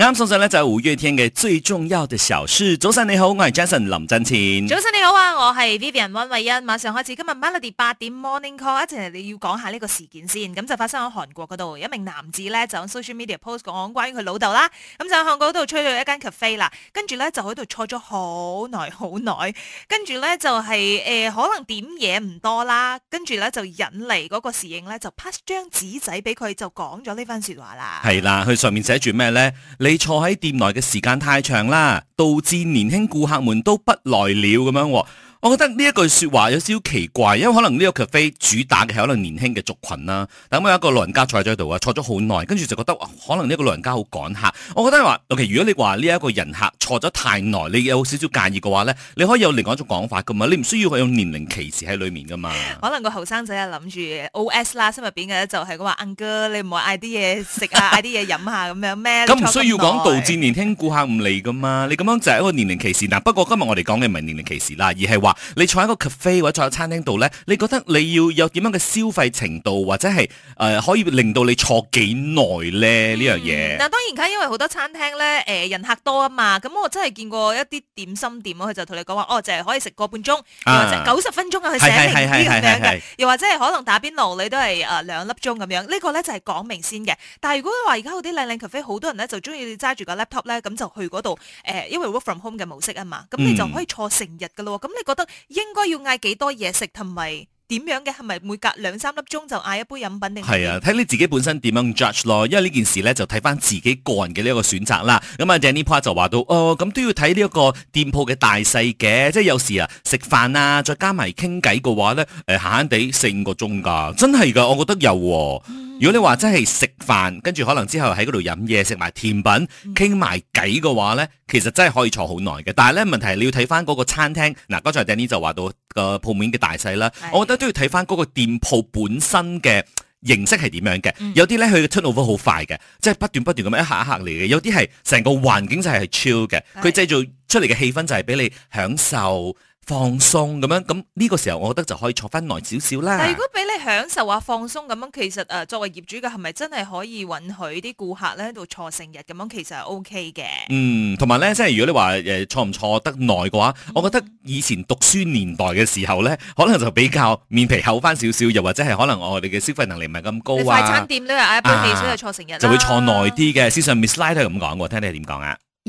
啱啱送上咧就係五月天嘅最重要嘅小事。早晨你好，我係 Jason 林振前。早晨你好啊，我係 Vivian 溫慧欣。馬上開始今日 Melody 八點 Morning Call。一陣你要講下呢個事件先。咁就發生喺韓國嗰度，一名男子咧就喺 Social Media post 講關於佢老豆啦。咁就喺韓國嗰度吹咗一間 cafe 啦，跟住咧就喺度坐咗好耐好耐，跟住咧就係、是、誒、呃、可能點嘢唔多啦，跟住咧就引嚟嗰個侍應咧就 pass 張紙仔俾佢，就講咗呢番說話啦。係啦，佢上面寫住咩咧？你坐喺店內嘅時間太長啦，導致年輕顧客們都不來了，咁樣。我覺得呢一句說話有少少奇怪，因為可能呢個 cafe 主打嘅係可能年輕嘅族群啦。但我有一個老人家坐咗喺度啊，坐咗好耐，跟住就覺得，可能呢個老人家好趕客。我覺得話，OK，如果你話呢一個人客坐咗太耐，你有少少介意嘅話咧，你可以有另外一種講法噶嘛。你唔需要佢用年齡歧視喺裏面噶嘛。可能個後生仔啊諗住 OS 啦，心入邊嘅就係話 uncle 你唔好嗌啲嘢食啊，嗌啲嘢飲下咁樣咩？咁唔需要講導致年輕顧客唔嚟噶嘛？你咁樣就係一個年齡歧視。嗱、啊，不過今日我哋講嘅唔係年齡歧視啦，而係話。你坐喺個 cafe 或者坐喺餐廳度咧，你覺得你要有點樣嘅消費程度，或者係誒、呃、可以令到你坐幾耐咧呢樣嘢？嗱、嗯，當然而家因為好多餐廳咧，誒、呃、人客多啊嘛，咁我真係見過一啲點心店佢就同你講話，哦，就係、是、可以食個半鐘，啊、又或者九十分鐘啊，佢寫明啲咁樣嘅，又或者係可能打邊爐你都係誒兩粒鐘咁樣，這個、呢個咧就係、是、講明先嘅。但係如果你話而家嗰啲靚靚 cafe，好多人咧就中意揸住個 laptop 咧，咁就去嗰度誒，因為 work from home 嘅模式啊嘛，咁你就可以坐成日噶咯，咁你覺應該要嗌幾多嘢食同埋？點樣嘅係咪每隔兩三粒鐘就嗌一杯飲品定？係啊，睇你自己本身點樣 judge 咯，因為呢件事咧就睇翻自己個人嘅呢一個選擇啦。咁啊，Danny 就話到哦，咁都要睇呢一個店鋪嘅大細嘅，即係有時啊食飯啊，再加埋傾偈嘅話咧，誒閒閒地四五個鐘㗎，真係㗎，我覺得又、哦。嗯、如果你話真係食飯，跟住可能之後喺嗰度飲嘢、食埋甜品、傾埋偈嘅話咧，嗯、其實真係可以坐好耐嘅。但係咧問題係你要睇翻嗰個餐廳。嗱、啊，剛、那、才、個、Danny 就話到。個鋪面嘅大細啦，是我覺得都要睇翻嗰個店鋪本身嘅形式係點樣嘅。嗯、有啲咧佢嘅 turnover 好快嘅，即、就、係、是、不斷不斷咁樣一客一客嚟嘅。有啲係成個環境就係 chill 嘅，佢製是造出嚟嘅氣氛就係俾你享受，放鬆咁樣，咁呢個時候我覺得就可以坐翻耐少少啦。但如果俾你享受下放鬆咁樣，其實誒、啊、作為業主嘅係咪真係可以允許啲顧客咧度坐成日咁樣？其實係 O K 嘅。嗯，同埋咧，即係如果你話誒、呃、坐唔坐得耐嘅話，嗯、我覺得以前讀書年代嘅時候咧，可能就比較面皮厚翻少少，又或者係可能我哋嘅消費能力唔係咁高、啊、快餐店咧啊，一般最少係坐成日。就會坐耐啲嘅，思上 Miss Light 都係咁講嘅，我聽你點講啊？啊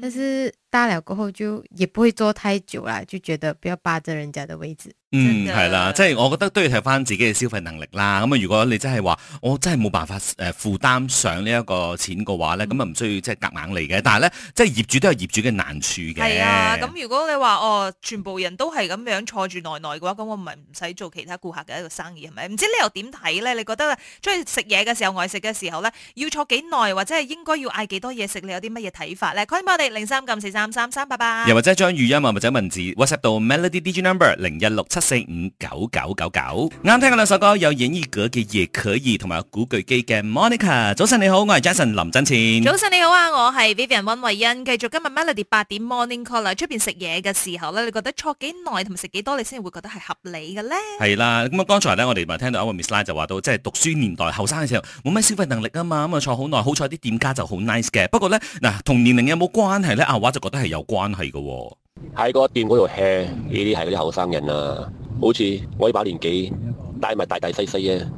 但是大了過後就也不會坐太久了，就覺得不要霸着人家的位置。嗯，係啦，即係、嗯就是、我覺得都要睇翻自己嘅消費能力啦。咁、嗯、啊，如果你真係話我真係冇辦法誒負擔上呢一個錢嘅話咧，咁啊唔需要即係夾硬嚟嘅。但係咧，即係業主都有業主嘅難處嘅。係啊，咁、嗯嗯、如果你話哦，全部人都係咁樣坐住耐耐嘅話，咁我咪唔使做其他顧客嘅一個生意係咪？唔知你又點睇咧？你覺得出去食嘢嘅時候，外食嘅時候咧，要坐幾耐或者係應該要嗌幾多嘢食？你有啲乜嘢睇法咧？零三九四三三三，3，拜拜。又或者將語音啊，或者文字 WhatsApp 到 Melody DJ Number 零一六七四五九九九九。啱聽嗰兩首歌，有演意閣嘅也可以，同埋古巨基嘅 Monica。早晨你好，我係 Jason 林振前。早晨你好啊，我係 Vivian 溫慧欣。繼續今日 Melody 八點 Morning Call。出邊食嘢嘅時候咧，你覺得坐幾耐同埋食幾多，你先會覺得係合理嘅咧？係啦，咁啊，剛才咧我哋咪聽到阿 Miss Li 就話到，即係讀書年代後生嘅時候，冇乜消費能力啊嘛，咁啊坐好耐，好彩啲店家就好 nice 嘅。不過咧，嗱、啊、同年齡有冇關？關係咧，阿華、啊、就覺得係有關係噶喎。喺個店嗰度 h 呢啲係嗰啲後生人啊，好似我呢把年紀，帶埋大大細細啊，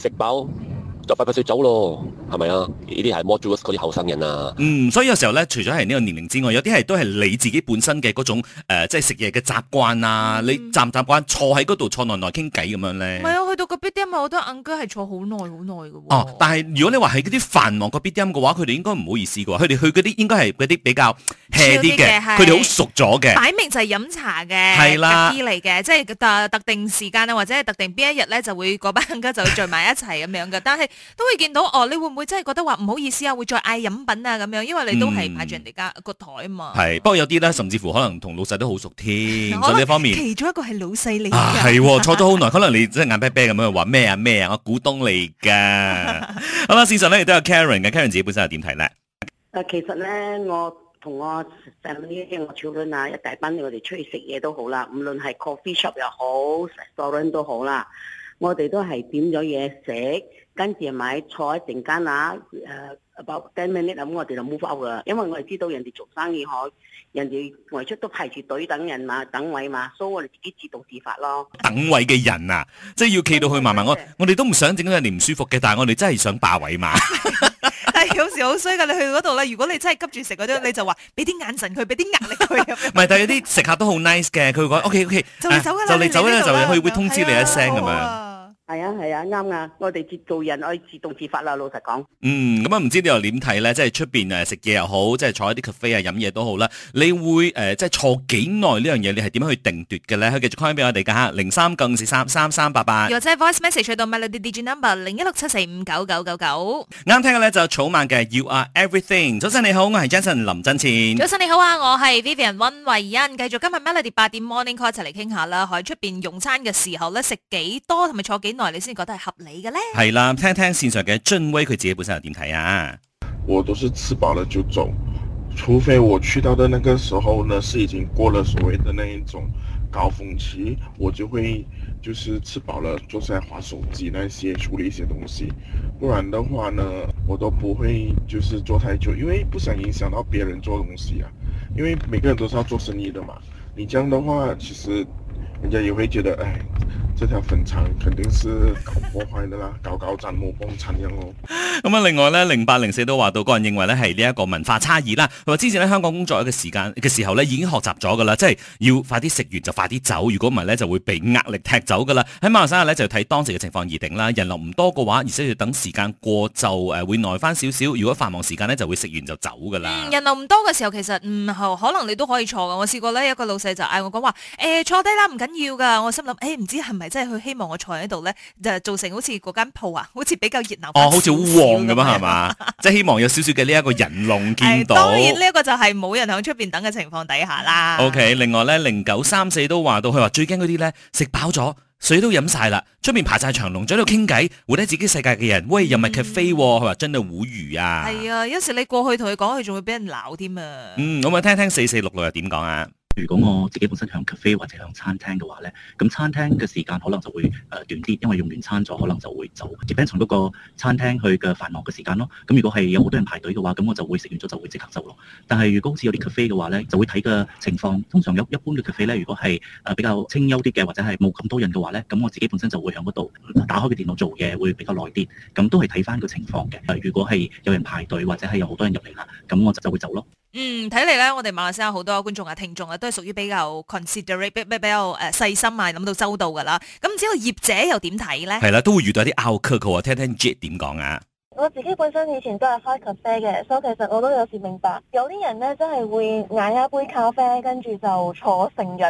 食 飽。就快快走咯，係咪啊？呢啲係 more towards 嗰啲後生人啊。嗯，所以有時候咧，除咗係呢個年齡之外，有啲係都係你自己本身嘅嗰種、呃、即係食嘢嘅習慣啊。嗯、你習唔習慣坐喺嗰度坐耐耐傾偈咁樣咧？唔係啊，去到個 bit dim，我覺得 uncle 係坐好耐好耐嘅喎。哦，但係如果你話係嗰啲繁忙個 bit dim 嘅話，佢哋應該唔好意思嘅。佢哋去嗰啲應該係嗰啲比較 hea 啲嘅，佢哋好熟咗嘅。擺明就係飲茶嘅，係的啦，夾啲嚟嘅，即係特特定時間啊，或者係特定邊一日咧，就會嗰班 uncle 就會聚埋一齊咁樣嘅。 但係都會見到哦，你會唔會真係覺得話唔好意思啊？會再嗌飲品啊咁樣，因為你都係霸住人哋個台啊嘛。係，不過有啲咧，甚至乎可能同老細都好熟添。喺呢方面，其中一個係老細嚟係坐咗好耐，可能你即係眼啤啤咁樣話咩啊咩啊，我股東嚟噶咁啊，事實咧亦都有 Karen 嘅，Karen 自己本身係點睇咧？誒，其實咧，我同我細呢，即我超倫啊，一大班我哋出去食嘢都好啦，無論係 coffee shop 又好，storen 都好啦，我哋都係點咗嘢食。跟住咪坐一陣間啊，about ten minutes 咁，我哋就 move 啦，因為我哋知道人哋做生意好，人哋外出都排住隊等人嘛，等位嘛，所以我哋自己自動自發咯。等位嘅人啊，即係要企到去慢慢我，我哋都唔想整到人哋唔舒服嘅，但係我哋真係想霸位嘛。但係有時好衰噶，你去嗰度咧，如果你真係急住食嗰啲，你就話俾啲眼神佢，俾啲壓力佢。唔係，但係有啲食客都好 nice 嘅，佢講 OK OK，就嚟走啦，就嚟走啦，就佢會通知你一聲咁樣。係啊係啊啱噶，我哋自做人，可以自動自發啦。老實講，嗯，咁啊唔知你又點睇咧？即係出邊誒食嘢又好，即係坐一啲 cafe 啊飲嘢都好啦。你會誒即係坐幾耐呢樣嘢？你係點樣去定奪嘅咧？可以繼續 call 翻俾我哋嘅嚇零三九五四三三三八八。又即係 voice message 喺度 melody digital number 零一六七四五九九九九。啱聽嘅咧就草蜢嘅 You Are Everything。早晨你好，我係 Jason 林振前。早晨你好啊，我係 Vivian 温慧欣。繼續今日 melody 八點 morning call 一齊嚟傾下啦。喺出邊用餐嘅時候咧，食幾多同埋坐幾？內你先覺得係合理嘅呢？係啦，聽聽綫上嘅俊威佢自己本身有點睇啊？我都是吃飽了就走，除非我去到的那個時候呢，是已經過了所謂的那一種高峰期，我就會就是吃飽了坐下滑手機那些處理一些東西，不然的話呢，我都不會就是坐太久，因為不想影響到別人做東西啊。因為每個人都是要做生意的嘛，你這樣的話其實人家也會覺得，唉。這條粉腸肯定是搞破壞噶啦。 搞搞震冇幫襯咁啊，另外呢，零八零四都話到，個人認為呢係呢一個文化差異啦。佢話之前喺香港工作嘅時間嘅時候呢已經學習咗噶啦，即、就、係、是、要快啲食完就快啲走，如果唔係呢，就會被壓力踢走噶啦。喺馬來西亞呢，就睇當時嘅情況而定啦。人流唔多嘅話，而且要等時間過就誒、呃、會耐翻少少。如果繁忙時間呢，就會食完就走噶啦，嗯。人流唔多嘅時候，其實嗯，可能你都可以坐噶。我試過呢，一個老細就嗌我講話，誒、欸、坐低啦，唔緊要噶。我心諗，誒唔知係咪？欸欸欸嗯即係佢希望我坐喺度咧，就、呃、造成好似嗰間鋪啊，好似比較熱鬧。哦，好似烏旺咁啊，係嘛？ 即係希望有少少嘅呢一個人龍見到。哎、當然呢一個就係冇人喺出邊等嘅情況底下啦。OK，另外咧，零九三四都話到，佢話最驚嗰啲咧食飽咗，水都飲晒啦，出面排晒長龍，喺度傾偈，活喺自己世界嘅人，喂，又唔係咖啡，佢話真係侮辱啊！係、嗯、啊、哎，有時你過去同佢講，佢仲會俾人鬧添啊。嗯，我以聽聽四四六六又點講啊？如果我自己本身喺 cafe 或者喺餐廳嘅話咧，咁餐廳嘅時間可能就會誒短啲，因為用完餐咗可能就會走，即係從嗰個餐廳去嘅繁忙嘅時間咯。咁如果係有好多人排隊嘅話，咁我就會食完咗就會即刻走咯。但係如果好似有啲 cafe 嘅話咧，就會睇個情況。通常有一般嘅 cafe 咧，如果係誒比較清幽啲嘅，或者係冇咁多人嘅話咧，咁我自己本身就會喺嗰度打開個電腦做嘢，會比較耐啲。咁都係睇翻個情況嘅。如果係有人排隊或者係有好多人入嚟啦，咁我就就會走咯。嗯，睇嚟咧，我哋馬來西亞好多觀眾啊、聽眾啊，都係屬於比較 considerate，比比比較誒細心啊，諗到周到噶啦。咁唔知個業者又點睇咧？係啦、嗯，都會遇到啲拗撬，聽聽 Jet 點講啊？我自己本身以前都係開咖啡嘅，所以其實我都有時明白，有啲人咧真係會嗌一杯咖啡，跟住就坐成日。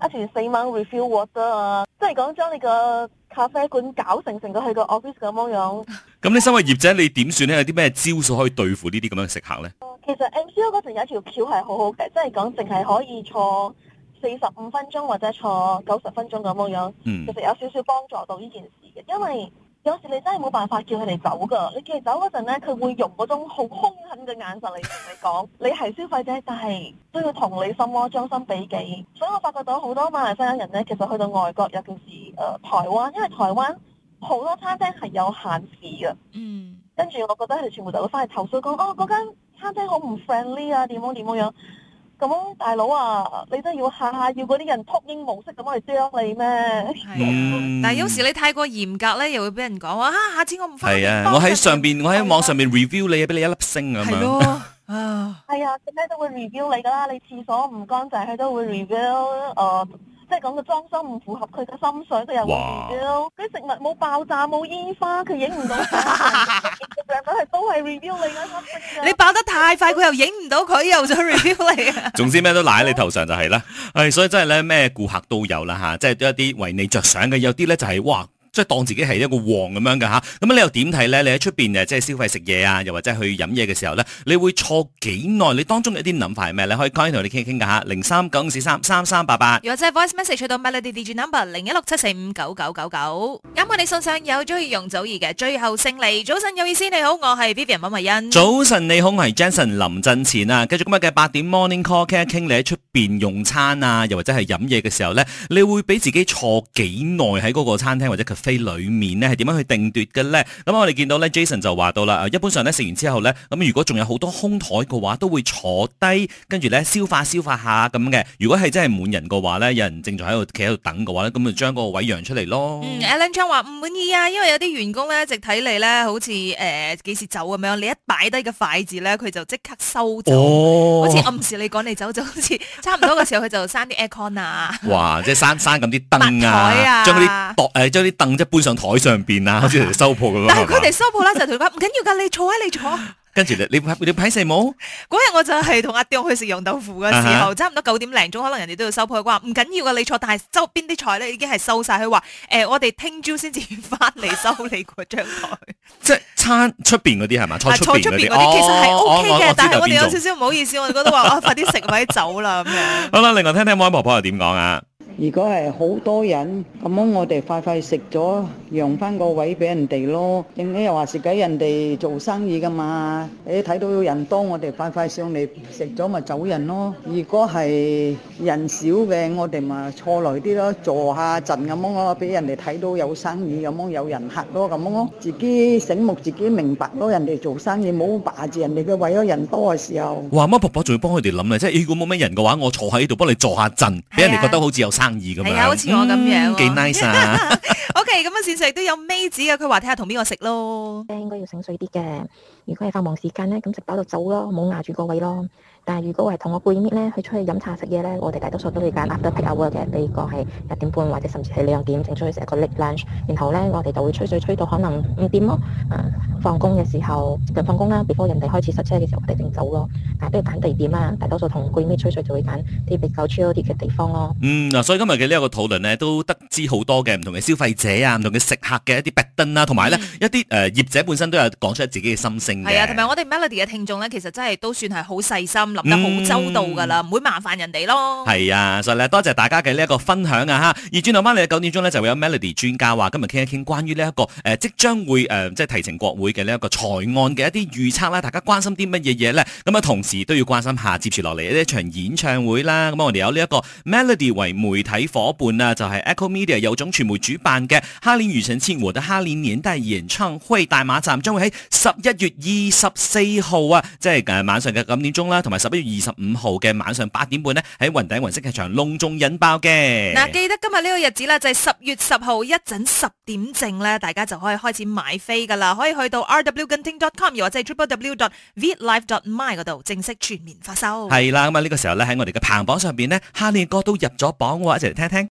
一船死萬 refill water 啊！即係講將你個咖啡館搞成成個去個 office 咁樣樣。咁你身為業者你點算咧？有啲咩招數可以對付呢啲咁樣嘅食客咧、嗯？其實 MCO 嗰陣有一條橋係好好嘅，即係講淨係可以坐四十五分鐘或者坐九十分鐘咁樣樣。嗯，其實有少少幫助到呢件事嘅，因為，有時你真係冇辦法叫佢哋走噶你叫佢走嗰陣咧，佢會用嗰種好凶狠嘅眼神嚟同你講，你係消費者，但係都要同你心窩將心比己。所以我發覺到好多馬來西亞人咧，其實去到外國，尤其是誒、呃，台灣，因為台灣好多餐廳係有限時嘅，嗯，跟住我覺得佢哋全部就會翻去投訴，講哦，嗰間餐廳好唔 friendly 啊，點樣點樣樣。咁大佬啊，你都要下下要嗰啲人禿鷹模式咁去將你咩？係但係有時你太過嚴格咧，又會俾人講話啊，下次我唔翻嚟。係啊，我喺上邊，啊、我喺網上邊 review 你，俾你一粒星咁樣。係啊，係咯 啊，咩都會 review 你噶啦，你廁所唔乾淨，佢都會 review 啊、uh,。即係講個裝修唔符合佢嘅心水，佢又哇啲食物冇爆炸冇煙花，佢影唔到。其實兩粉係都係 review 你。你爆得太快，佢又影唔到，佢又想 review 你。啊。 總之咩都賴你頭上就係啦。唉、 哎，所以真係咧，咩顧客都有啦吓，即係一啲為你着想嘅，有啲咧就係、是、哇。即係當自己係一個王咁樣嘅嚇，咁、啊、你又點睇咧？你喺出邊誒，即係消費食嘢啊，又或者去飲嘢嘅時候咧，你會坐幾耐？你當中有啲諗法係咩咧？你可以講一啲同你傾一傾㗎嚇。零三九五四三三三八八，又或者 voice message 到 Melody digital number 零一六七四五九九九九。啱啱你送上有鍾意容祖兒嘅最後勝利。早晨有意思你好，我係 Vivian 溫慧欣。早晨你好，我係 Jason 林振前啊。繼續今日嘅八點 morning call，傾一傾你喺出邊用餐啊，又或者係飲嘢嘅時候咧，你會俾自己坐幾耐喺嗰個餐廳或者 cafe？喺裏面咧係點樣去定奪嘅咧？咁、嗯、我哋見到咧，Jason 就話到啦、呃，一般上咧食完之後咧，咁如果仲有好多空台嘅話，都會坐低跟住咧消化消化下咁嘅。如果係真係滿人嘅話咧，有人正在喺度企喺度等嘅話咧，咁就將個位讓出嚟咯。嗯，阿 Len Chan 話唔滿意啊，因為有啲員工咧一直睇你咧，好似誒幾時走咁樣，你一擺低個筷子咧，佢就即刻收走，好似、哦、暗示你趕你走，就好似差唔多嘅時候，佢就閂啲 aircon 啊，哇，即係閂閂咁啲燈啊， 啊將啲凳誒將啲燈。啊即搬上台上邊啊，即係收鋪啦。但係佢哋收鋪咧，就同佢話唔緊要噶，你坐啊，你坐。跟住你你你排晒冇？嗰日我就係同阿埉去食楊豆腐嘅時候，差唔多九點零鐘，可能人哋都要收鋪。佢話唔緊要噶，你坐。但係周邊啲菜咧已經係收晒，佢話誒，我哋聽朝先至翻嚟，收你嗰張台。即係餐出邊嗰啲係嘛？菜出邊嗰啲其實係 O K 嘅，但係我哋有少少唔好意思，我哋覺得話，我快啲食快啲走啦咁樣。好啦，另外聽聽麥婆婆又點講啊？如果係好多人咁樣，我哋快快食咗，讓返個位俾人哋咯。你又話蝕鬼人哋做生意噶嘛？你、欸、睇到有人多，我哋快快上嚟食咗咪走人咯。如果係人少嘅，我哋咪坐耐啲咯，坐下陣咁樣咯，俾人哋睇到有生意咁樣有人客咯，咁樣咯，自己醒目自己明白咯。人哋做生意冇霸住人哋嘅位，咗人多嘅時候。哇！乜婆婆仲要幫佢哋諗咧？即係如果冇咩人嘅話，我坐喺度幫你坐下陣，俾、啊、人哋覺得好似有係、嗯、啊，好似我咁樣幾 nice 啊。OK，咁啊，膳食都有妹子嘅，佢話睇下同邊個食咯。咧應該要醒水啲嘅。如果係繁忙時間咧，咁食飽就走咯，冇壓住個位咯。但係如果係同我閨蜜咧，去出去飲茶食嘢咧，我哋大多數都會揀 after peak hour 嘅，呢個係一點半或者甚至係兩點整出去食一個 late lunch，然後咧我哋就會吹水吹，吹，吹到可能五點咯，誒放工嘅時候就放工啦，before 人哋開始塞車嘅時候我哋正走咯。但都要揀地點啊，大多數同閨蜜吹水就會揀啲比較 chill 啲嘅地方咯。嗯，嗱，所以今日嘅呢一個討論咧，都得知好多嘅唔同嘅消費者啊，唔同嘅食客嘅一啲逼燈啦，同埋咧一啲誒、呃、業者本身都有講出自己嘅心聲。係啊，同埋我哋 Melody 嘅聽眾咧，其實真係都算係好細心，諗得好周到噶啦，唔、嗯、會麻煩人哋咯。係啊，所以咧多謝大家嘅呢一個分享啊！哈，而轉頭翻嚟九點鐘呢，就會有 Melody 專家話今日傾一傾關於呢、這、一個誒、呃、即將會誒、呃、即係提呈國會嘅呢一個財案嘅一啲預測啦，大家關心啲乜嘢嘢咧？咁、嗯、啊，同時都要關心下接住落嚟呢一場演唱會啦。咁、嗯、我哋有呢一個 Melody 為媒體伙伴啊，就係、是、Echo Media 有種傳媒主辦嘅《哈林與神千和》嘅《哈林年代》演唱會大馬站，將會喺十一月二十四號啊，即係晚上嘅九點鐘啦，同埋十一月二十五號嘅晚上八點半呢，喺雲頂雲色劇場隆重引爆嘅。嗱，記得今日呢個日子呢，就係、是、十月十號一陣十點正呢，大家就可以開始買飛噶啦，可以去到 rwgenting.com，又或者係 www.vlive.my 嗰度正式全面發售。係啦，咁啊呢個時候呢，喺我哋嘅排行榜上邊呢，哈利哥都入咗榜喎，一齊嚟聽聽。